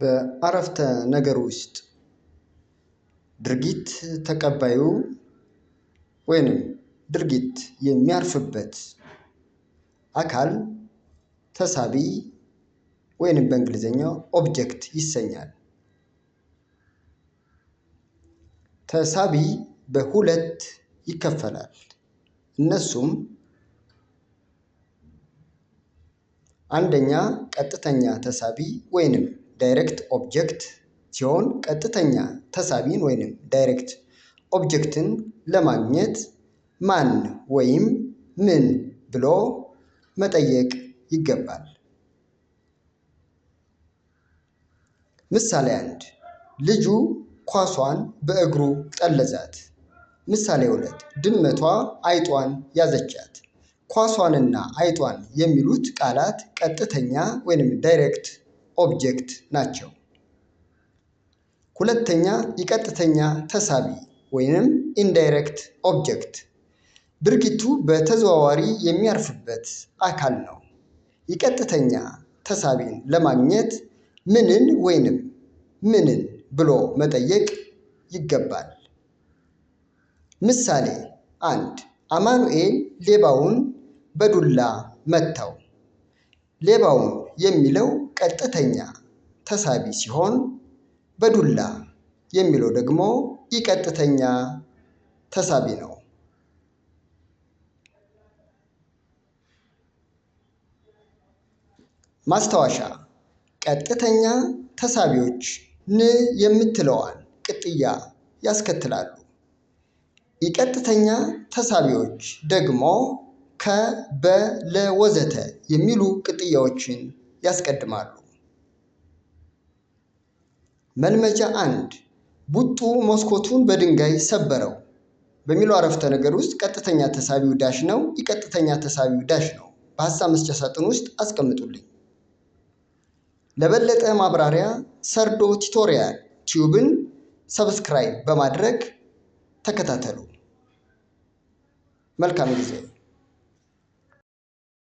በአረፍተ ነገር ውስጥ ድርጊት ተቀባዩ ወይንም ድርጊት የሚያርፍበት አካል ተሳቢ ወይንም በእንግሊዝኛው ኦብጀክት ይሰኛል። ተሳቢ በሁለት ይከፈላል። እነሱም አንደኛ ቀጥተኛ ተሳቢ ወይንም ዳይሬክት ኦብጀክት ሲሆን ቀጥተኛ ተሳቢን ወይንም ዳይሬክት ኦብጀክትን ለማግኘት ማን ወይም ምን ብሎ መጠየቅ ይገባል። ምሳሌ አንድ ልጁ ኳሷን በእግሩ ጠለዛት። ምሳሌ ሁለት ድመቷ አይጧን ያዘቻት። ኳሷንና አይጧን የሚሉት ቃላት ቀጥተኛ ወይንም ዳይሬክት ኦብጀክት ናቸው። ሁለተኛ የቀጥተኛ ተሳቢ ወይንም ኢንዳይሬክት ኦብጀክት ድርጊቱ በተዘዋዋሪ የሚያርፍበት አካል ነው። የቀጥተኛ ተሳቢን ለማግኘት ምንን ወይንም ምንን ብሎ መጠየቅ ይገባል። ምሳሌ አንድ አማኑኤል ሌባውን በዱላ መታው። ሌባውን የሚለው ቀጥተኛ ተሳቢ ሲሆን በዱላ የሚለው ደግሞ ኢቀጥተኛ ተሳቢ ነው። ማስታወሻ ቀጥተኛ ተሳቢዎች ን የምትለዋን ቅጥያ ያስከትላሉ። ኢቀጥተኛ ተሳቢዎች ደግሞ ከ፣ በ፣ ለ ወዘተ የሚሉ ቅጥያዎችን ያስቀድማሉ። መልመጃ አንድ ቡጡ መስኮቱን በድንጋይ ሰበረው በሚለው አረፍተ ነገር ውስጥ ቀጥተኛ ተሳቢው ዳሽ ነው፣ ኢቀጥተኛ ተሳቢው ዳሽ ነው። በሀሳብ መስጫ ሳጥን ውስጥ አስቀምጡልኝ። ለበለጠ ማብራሪያ ሰርዶ ቲቶሪያል ቲዩብን ሰብስክራይብ በማድረግ ተከታተሉ። መልካም ጊዜ